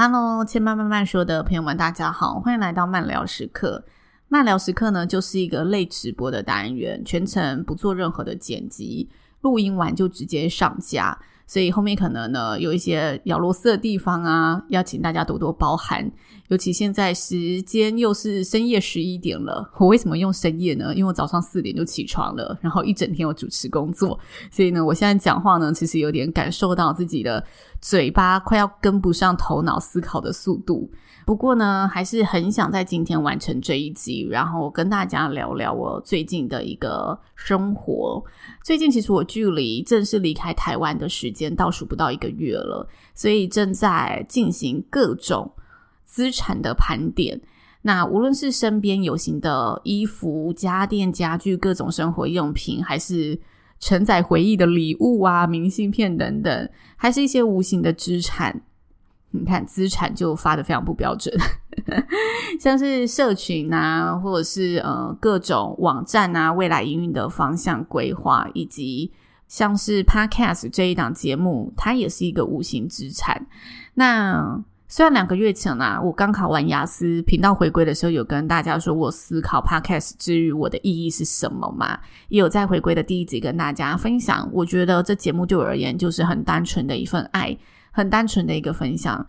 Hello，嫚嫚慢慢說的朋友們，大家好，歡迎來到嫚聊時刻。嫚聊時刻呢，就是一個類直播的單元，全程不做任何的剪輯，錄音完就直接上架。所以後面可能呢有一些咬螺絲的地方啊，要請大家多多包涵。尤其現在時間又是深夜十一點了，我為什麼用深夜呢？因為我早上四點就起床了，然後一整天我主持工作，所以呢，我現在講話呢，其實有點感受到自己的嘴巴快要跟不上頭腦思考的速度。不過呢，還是很想在今天完成這一集，然後跟大家聊聊我最近的一個生活。最近其實我距離正式離開台灣的時間倒數不到一個月了，所以正在進行各種資產的盤點。那無論是身邊有形的衣服、家電、家具、各種生活用品，還是承載回憶的禮物啊、明信片等等，還是一些無形的資產。你看資產就發得非常不標準， 像是社群啊，或者是呃各種網站啊，未來營運的方向規劃，以及像是 Podcast 這一檔節目，它也是一個無形資產。那雖然兩個月前啊，我剛考完雅思，頻道回歸的時候有跟大家說我思考 Podcast 之於我的意義是什麼嘛，也有在回歸的第一集跟大家分享，我覺得這節目對我而言就是很單純的一份愛。很單純的一個分享，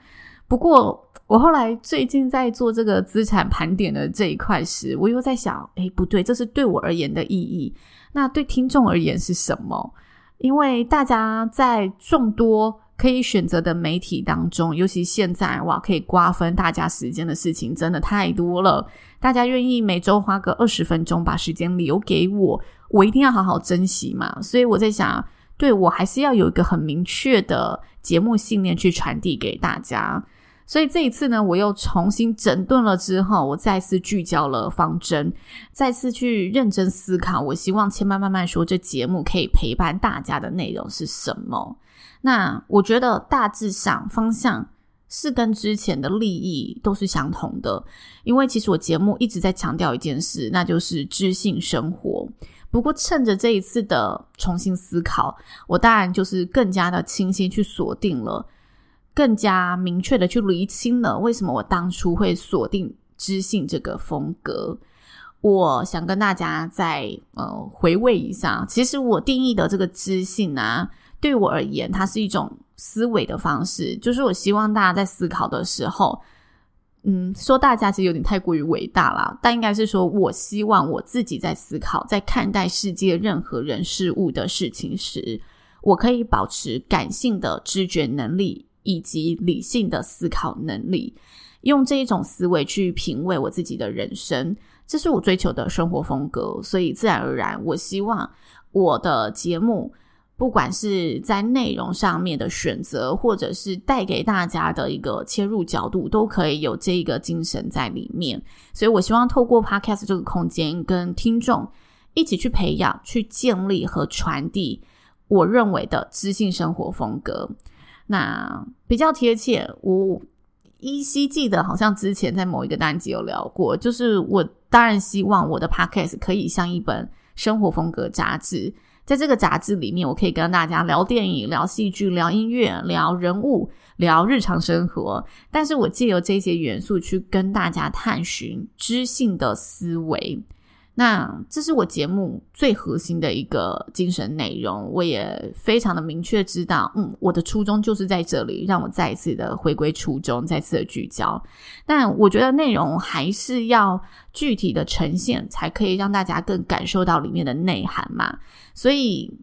不過我後來最近在做這個資產盤點的這一塊時，我又在想，哎，不對，這是對我而言的意義，那對聽眾而言是什麼？因為大家在眾多可以選擇的媒體當中，尤其現在哇，可以瓜分大家時間的事情真的太多了，大家願意每週花個二十分鐘把時間留給我，我一定要好好珍惜嘛，所以我在想。對，我還是要有一個很明確的節目信念去傳遞給大家，所以這一次呢，我又重新整頓了之後，我再次聚焦了方針，再次去認真思考。我希望千嫚慢慢說這節目可以陪伴大家的內容是什麼？那我覺得大致上方向是跟之前的理念都是相同的，因為其實我節目一直在強調一件事，那就是知性生活。不過，趁着這一次的重新思考，我當然就是更加的清晰去鎖定了，更加明確的去理清了為什麼我當初會鎖定知性這個風格。我想跟大家再呃回味一下，其實我定義的這個知性呢、啊，對我而言，它是一種思維的方式，就是我希望大家在思考的時候。嗯，說大家其實有點太過於偉大啦，但應該是說我希望我自己在思考、在看待世界任何人事物的事情時，我可以保持感性的知覺能力以及理性的思考能力，用這一種思維去品味我自己的人生，這是我追求的生活風格，所以自然而然，我希望我的節目。不管是在內容上面的選擇，或者是帶給大家的一個切入角度，都可以有這一個精神在裡面。所以我希望透過 Podcast 這個空間，跟聽眾一起去培養、去建立和傳遞我認為的知性生活風格。那比較貼切，我依稀記得好像之前在某一個單集有聊過，就是我當然希望我的 Podcast 可以像一本生活風格雜誌。在這個雜誌裡面，我可以跟大家聊電影、聊戲劇、聊音樂、聊人物、聊日常生活，但是我借由這些元素去跟大家探尋知性的思維。那這是我節目最核心的一個精神內容，我也非常的明確知道，嗯，我的初衷就是在這裡，讓我再一次的回歸初衷，再次的聚焦。但我覺得內容還是要具體的呈現，才可以讓大家更感受到裡面的內涵嘛。所以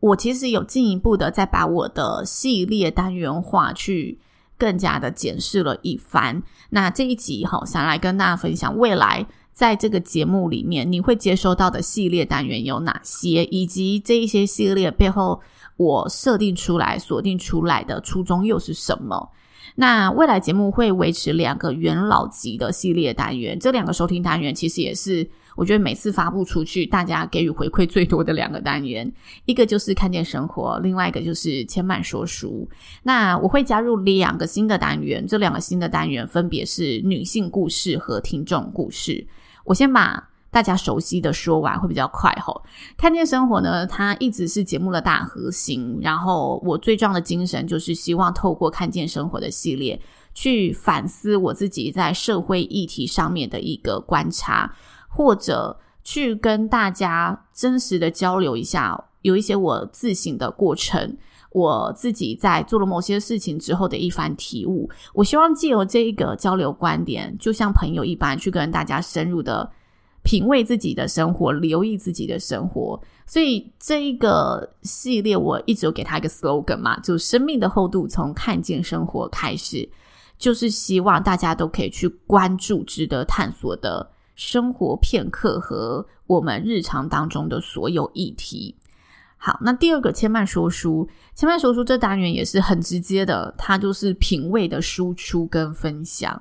我其實有進一步的再把我的系列單元化去更加的檢視了一番。那這一集哈，想來跟大家分享未來。在這個節目裡面，你會接收到的系列單元有哪些？以及這一些系列背後，我設定出來、鎖定出來的初衷又是什麼？那未來節目會維持兩個元老級的系列單元，這兩個收聽單元其實也是我覺得每次發布出去，大家給予回饋最多的兩個單元。一個就是看見生活，另外一個就是千漫說書。那我會加入兩個新的單元，這兩個新的單元分別是女性故事和聽眾故事。我先把大家熟悉的說完會比較快吼。看見生活呢，它一直是節目的大核心。然後我最重要的精神就是希望透過看見生活的系列，去反思我自己在社會議題上面的一個觀察，或者去跟大家真實的交流一下，有一些我自省的過程。我自己在做了某些事情之後的一番體悟，我希望借由這一個交流觀點，就像朋友一般，去跟大家深入的品味自己的生活，留意自己的生活。所以這一個系列我一直有給他一個 slogan 嘛，就生命的厚度從看見生活開始，就是希望大家都可以去關注值得探索的生活片刻和我們日常當中的所有議題。好，那第二個千麥說書，千麥說書這單元也是很直接的，它就是品味的輸出跟分享。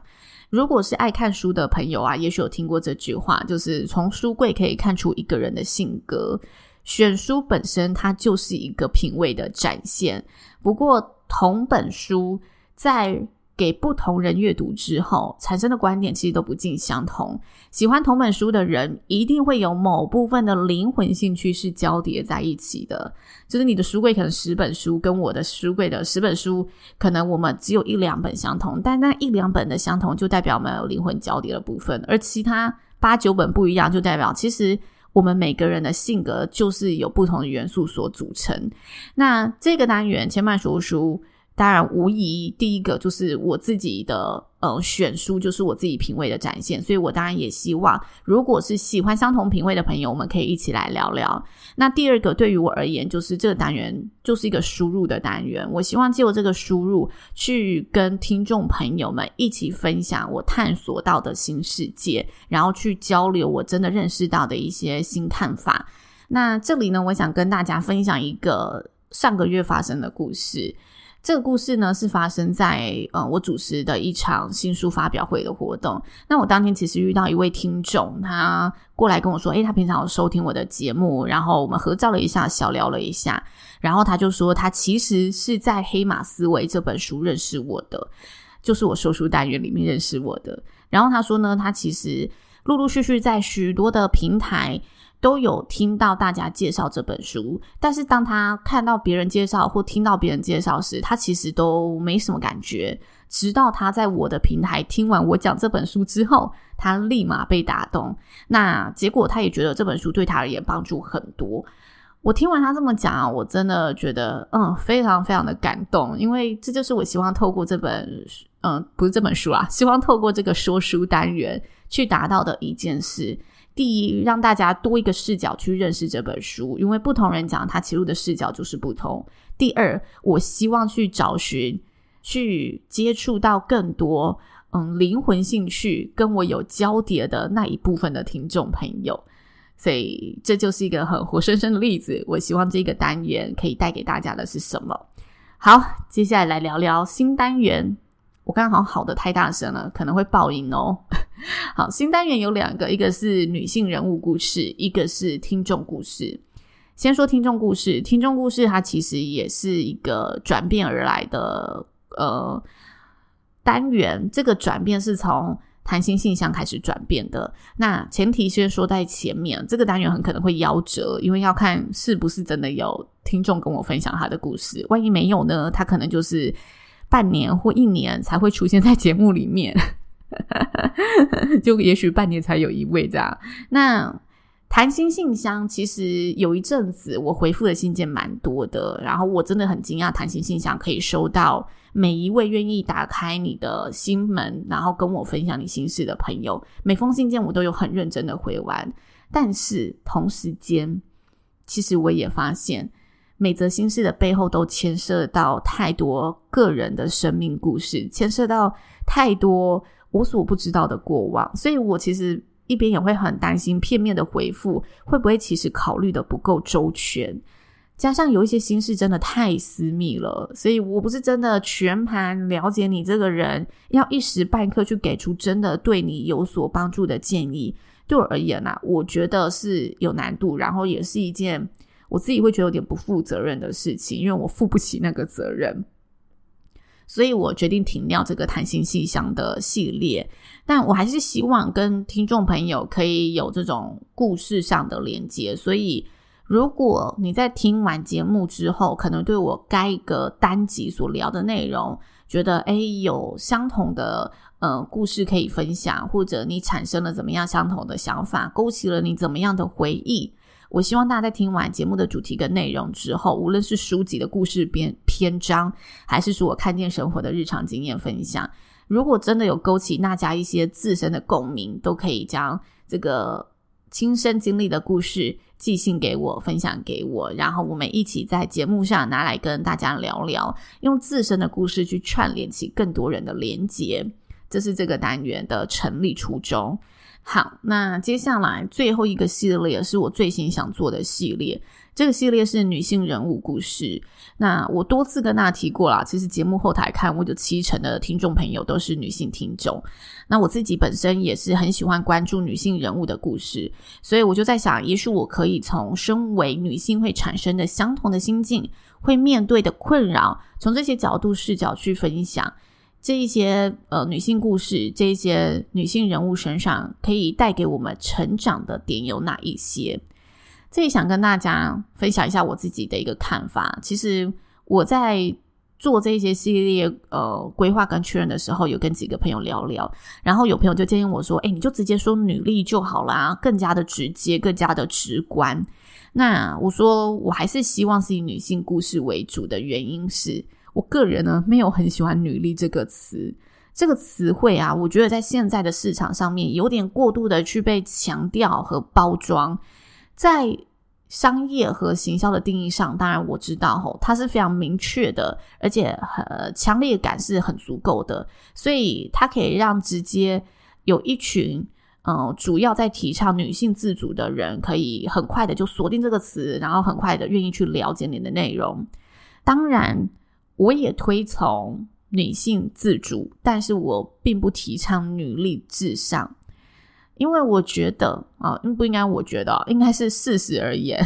如果是愛看書的朋友啊，也許有聽過這句話，就是從書櫃可以看出一個人的性格。選書本身，它就是一個品味的展現。不過，同本書在。給不同人閱讀之後產生的觀點，其實都不盡相同。喜歡同本書的人，一定會有某部分的靈魂興趣是交疊在一起的。就是你的書櫃可能十本書，跟我的書櫃的十本書，可能我們只有一兩本相同，但那一兩本的相同，就代表我們有靈魂交疊的部分，而其他八九本不一樣，就代表其實我們每個人的性格就是有不同的元素所組成。那這個單元，千萬說書。當然，無疑第一個就是我自己的呃選書，就是我自己品味的展現。所以我當然也希望，如果是喜歡相同品味的朋友，我們可以一起來聊聊。那第二個，對於我而言，就是這個單元就是一個輸入的單元。我希望借由這個輸入，去跟聽眾朋友們一起分享我探索到的新世界，然後去交流我真的認識到的一些新看法。那這裡呢，我想跟大家分享一個上個月發生的故事。這個故事呢，是發生在呃、嗯、我主持的一場新書發表會的活動。那我當天其實遇到一位聽眾，他過來跟我說：“哎，他平常有收聽我的節目，然後我們合照了一下，小聊了一下。”然後他就說，他其實是在《黑馬思維》這本書認識我的，就是我說書單元裡面認識我的。然後他說呢，他其實陸陸續續在許多的平台，都有聽到大家介紹這本書，但是當他看到別人介紹或聽到別人介紹時，他其實都沒什麼感覺。直到他在我的平台聽完我講這本書之後，他立馬被打動。那結果他也覺得這本書對他而言幫助很多。我聽完他這麼講啊，我真的覺得嗯，非常非常的感動，因為這就是我希望透過這本嗯，不是這本書啊，希望透過這個說書單元去達到的一件事。第一，讓大家多一個視角去認識這本書，因為不同人講它其實的視角就是不同。第二，我希望去找尋、去接觸到更多嗯靈魂興趣跟我有交疊的那一部分的聽眾朋友，所以這就是一個很活生生的例子。我希望這個單元可以帶給大家的是什麼？好，接下來來聊聊新單元。我剛剛好好的太大聲了，可能會爆音哦。好，新單元有兩個，一個是女性人物故事，一個是聽眾故事。先說聽眾故事，聽眾故事它其實也是一個轉變而來的呃單元。這個轉變是從談心信箱開始轉變的。那前提先說在前面，這個單元很可能會夭折，因為要看是不是真的有聽眾跟我分享他的故事。萬一沒有呢？他可能就是。半年或一年才會出現在節目裡面， 就也許半年才有一位這樣。那談心信箱其實有一陣子我回復的信件蠻多的，然後我真的很驚訝，談心信箱可以收到每一位願意打開你的心門，然後跟我分享你心事的朋友。每封信件我都有很認真的回完，但是同時間其實我也發現。每則心事的背後都牽涉到太多個人的生命故事，牽涉到太多我所不知道的過往，所以我其實一邊也會很擔心，片面的回復會不會其實考慮的不夠周全，加上有一些心事真的太私密了，所以我不是真的全盤了解你這個人，要一時半刻去給出真的對你有所幫助的建議，對我而言呢、啊，我覺得是有難度，然後也是一件。我自己會覺得有點不負責任的事情，因為我負不起那個責任，所以我決定停掉這個談心信箱的系列。但我還是希望跟聽眾朋友可以有這種故事上的連接。所以，如果你在聽完節目之後，可能對我該一個單集所聊的內容，覺得哎有相同的呃故事可以分享，或者你產生了怎麼樣相同的想法，勾起了你怎麼樣的回憶。我希望大家在聽完節目的主題跟內容之後，無論是書籍的故事篇篇章，還是說我看見生活的日常經驗分享，如果真的有勾起大家一些自身的共鳴，都可以將這個親身經歷的故事寄信給我，分享給我，然後我們一起在節目上拿來跟大家聊聊，用自身的故事去串聯起更多人的連結。這是這個單元的成立初衷。好，那接下來最後一個系列是我最心想做的系列。這個系列是女性人物故事。那我多次跟大家提過了，其實節目後台看，我有七成的聽眾朋友都是女性聽眾。那我自己本身也是很喜歡關注女性人物的故事，所以我就在想，也許我可以從身為女性會產生的相同的心境，會面對的困擾，從這些角度視角去分享。這一些呃女性故事，這一些女性人物身上可以帶給我們成長的點有哪一些？這裡想跟大家分享一下我自己的一個看法。其實我在做這些系列呃規劃跟確認的時候，有跟幾個朋友聊聊，然後有朋友就建議我說：“欸，你就直接說女力就好啦，更加的直接，更加的直觀。”那我說，我還是希望是以女性故事為主的原因是。我個人呢，沒有很喜歡“女力”這個詞，這個詞彙啊，我覺得在現在的市場上面有點過度的去被強調和包裝。在商業和行銷的定義上，當然我知道吼，它是非常明確的，而且很強烈感是很足夠的，所以它可以讓直接有一群嗯，主要在提倡女性自主的人，可以很快的就鎖定這個詞，然後很快的願意去了解你的內容。當然。我也推崇女性自主，但是我並不提倡女力至上，因為我覺得啊，應、哦、不應該？我覺得應該是事實而言，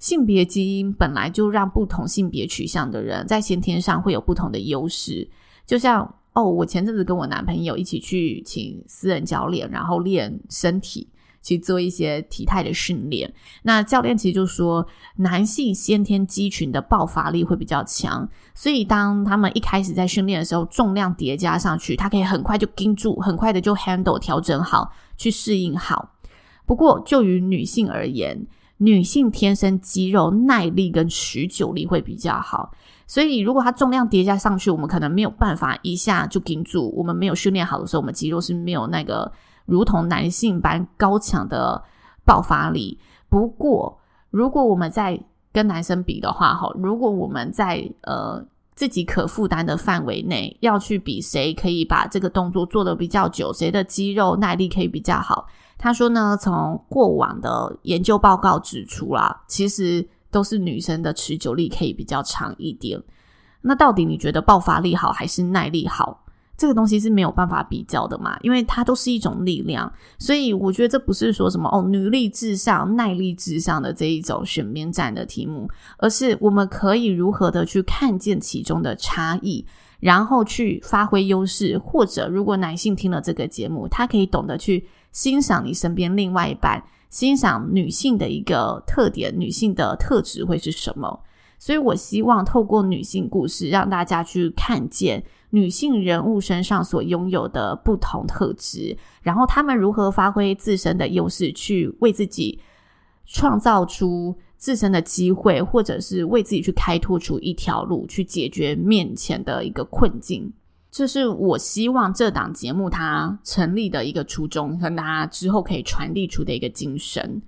性別基因本來就讓不同性別取向的人在先天上會有不同的優勢。就像哦，我前陣子跟我男朋友一起去請私人教練，然後練身體。去做一些體態的訓練。那教練其實就說，男性先天肌群的爆發力會比較強，所以當他們一開始在訓練的時候，重量疊加上去，他可以很快就頂住，很快的就 handle 調整好，去適應好。不過就於女性而言，女性天生肌肉耐力跟持久力會比較好，所以如果他重量疊加上去，我們可能沒有辦法一下就頂住。我們沒有訓練好的時候，我們肌肉是沒有那個。如同男性般高強的爆發力，不過如果我們在跟男生比的話，如果我們在呃自己可負擔的範圍內要去比誰可以把這個動作做得比較久，誰的肌肉耐力可以比較好。他說呢，從過往的研究報告指出啦、啊，其實都是女生的持久力可以比較長一點。那到底你覺得爆發力好還是耐力好？這個東西是沒有辦法比較的嘛，因為它都是一種力量，所以我覺得這不是說什麼哦，女力至上、耐力至上的這一種選邊站的題目，而是我們可以如何的去看見其中的差異，然後去發揮優勢，或者如果男性聽了這個節目，他可以懂得去欣賞你身邊另外一半，欣賞女性的一個特點、女性的特質會是什麼。所以我希望透過女性故事，讓大家去看見。女性人物身上所擁有的不同特質，然後她們如何發揮自身的優勢，去為自己創造出自身的機會，或者是為自己去開拓出一條路，去解決面前的一個困境，這是我希望這檔節目它成立的一個初衷，和它之後可以傳遞出的一個精神。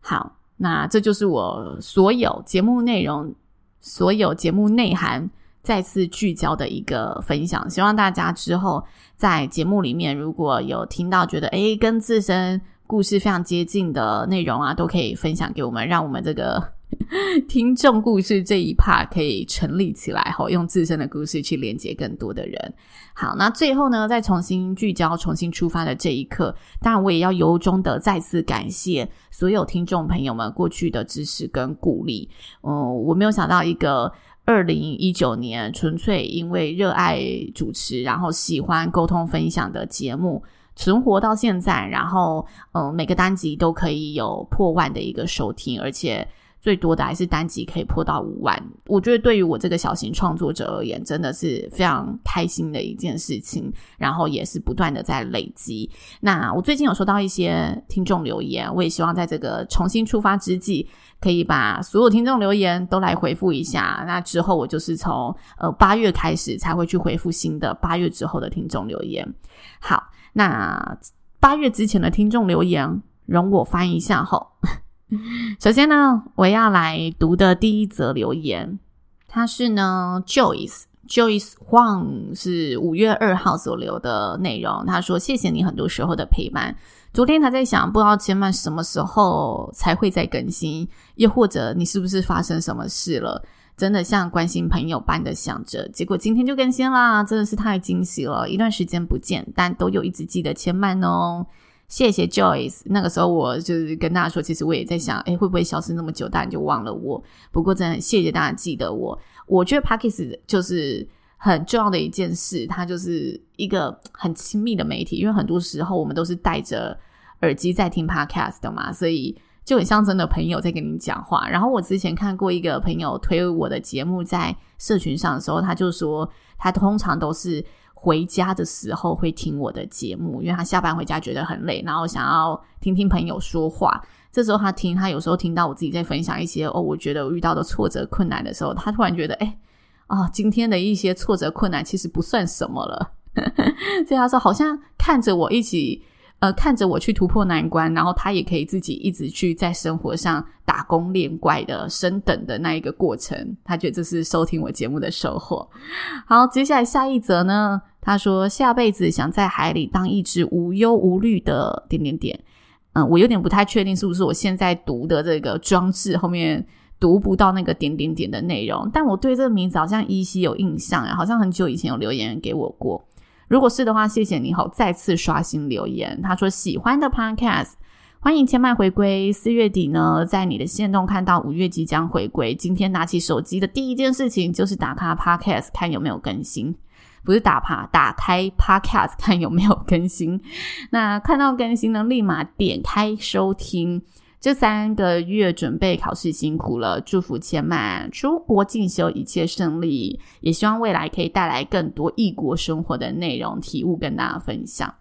好，那這就是我所有節目內容，所有節目內涵。再次聚焦的一個分享，希望大家之後在節目裡面如果有聽到覺得哎，跟自身故事非常接近的內容啊，都可以分享給我們，讓我們這個聽眾故事這一趴可以成立起來，哈，用自身的故事去連接更多的人。好，那最後呢，再重新聚焦、重新出發的這一刻，當然我也要由衷的再次感謝所有聽眾朋友們過去的支持跟鼓勵。嗯，我沒有想到一個。二零一九年，純粹因為熱愛主持，然後喜歡溝通分享的節目，存活到現在，然後嗯，每個單集都可以有破萬的一個收聽，而且最多的還是單集可以破到五萬。我覺得對於我這個小型創作者而言，真的是非常開心的一件事情，然後也是不斷的在累積。那我最近有收到一些聽眾留言，我也希望在這個重新出發之際。可以把所有聽眾留言都來回復一下，那之後我就是從呃八月開始才會去回復新的八月之後的聽眾留言。好，那八月之前的聽眾留言，容我翻一下吼。首先呢，我要來讀的第一則留言，他是呢，Joyce Joyce Huang 是五月二號所留的內容，他說：“謝謝你很多時候的陪伴。”昨天他在想，不知道千嫚什麼時候才會再更新，又或者你是不是發生什麼事了？真的像關心朋友般的想着，結果今天就更新啦，真的是太驚喜了！一段時間不見，但都有一直記得千嫚哦，謝謝 Joyce，那個時候我就是跟大家說，其實我也在想，哎，會不會消失那麼久，大家就忘了我？不過真的謝謝大家記得我，我覺得 Pakis 就是。很重要的一件事，它就是一個很親密的媒體，因為很多時候我們都是戴着耳機在聽 Podcast 的嘛，所以就很像真的朋友在跟你講話。然後我之前看過一個朋友推我的節目在社群上的時候，他就說他通常都是回家的時候會聽我的節目，因為他下班回家覺得很累，然後想要聽聽朋友說話。這時候他聽，他有時候聽到我自己在分享一些哦，我覺得我遇到的挫折困難的時候，他突然覺得哎。欸啊、哦，今天的一些挫折困難其實不算什麼了， 所以他說好像看着我一起，呃，看着我去突破難關，然後他也可以自己一直去在生活上打工練怪的升等的那一個過程，他覺得這是收聽我節目的收穫。好，接下來下一則呢，他說下輩子想在海裡當一只無憂無慮的點點點。嗯、呃，我有點不太確定是不是我現在讀的這個裝置後面。讀不到那個點點點的內容，但我對這個名字好像依稀有印象啊，好像很久以前有留言給我過。如果是的話，謝謝你好，再次刷新留言。他說喜歡的 podcast，歡迎千麥回歸。四月底呢，在你的限動看到五月即將回歸。今天拿起手機的第一件事情就是打開 podcast 看有沒有更新，不是打趴，打開 podcast 看有沒有更新。那看到更新呢，立馬點開收聽。這三個月準備考試辛苦了，祝福千嫚出國進修一切順利，也希望未來可以帶來更多異國生活的內容體悟跟大家分享。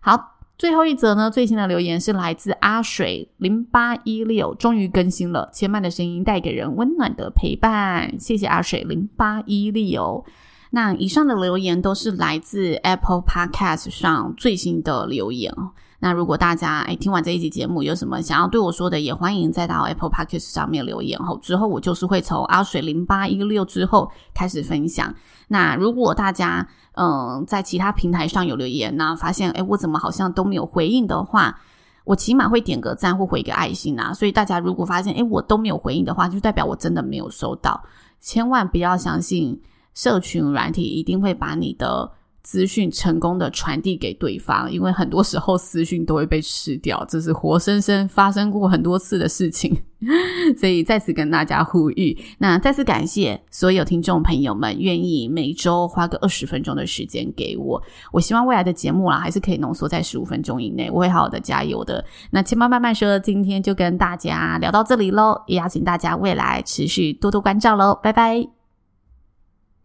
好，最後一則呢，最新的留言是來自阿水零八一六，終於更新了，千嫚的聲音帶給人溫暖的陪伴，謝謝阿水零八一六哦。那以上的留言都是來自 Apple Podcast 上最新的留言。那如果大家哎，聽完這一集節目有什麼想要對我說的，也歡迎再到 Apple Podcast 上面留言。後之後我就是會從阿水零八一六之後開始分享。那如果大家嗯在其他平台上有留言，呢，發現哎，我怎麼好像都沒有回應的話，我起碼會點個讚或回一個愛心吶、啊。所以大家如果發現哎，我都沒有回應的話，就代表我真的沒有收到，千萬不要相信社群軟體一定會把你的。資訊成功的傳遞給對方，因為很多時候私訊都會被吃掉，這是活生生發生過很多次的事情。 所以再次跟大家呼籲，那再次感謝所有聽眾朋友們願意每周花個二十分鐘的時間給我。我希望未來的節目啊，還是可以濃縮在十五分鐘以內，我會好好的加油的。那千媽慢慢說，今天就跟大家聊到這裡嘍，也邀請大家未來持續多多關照嘍，拜拜。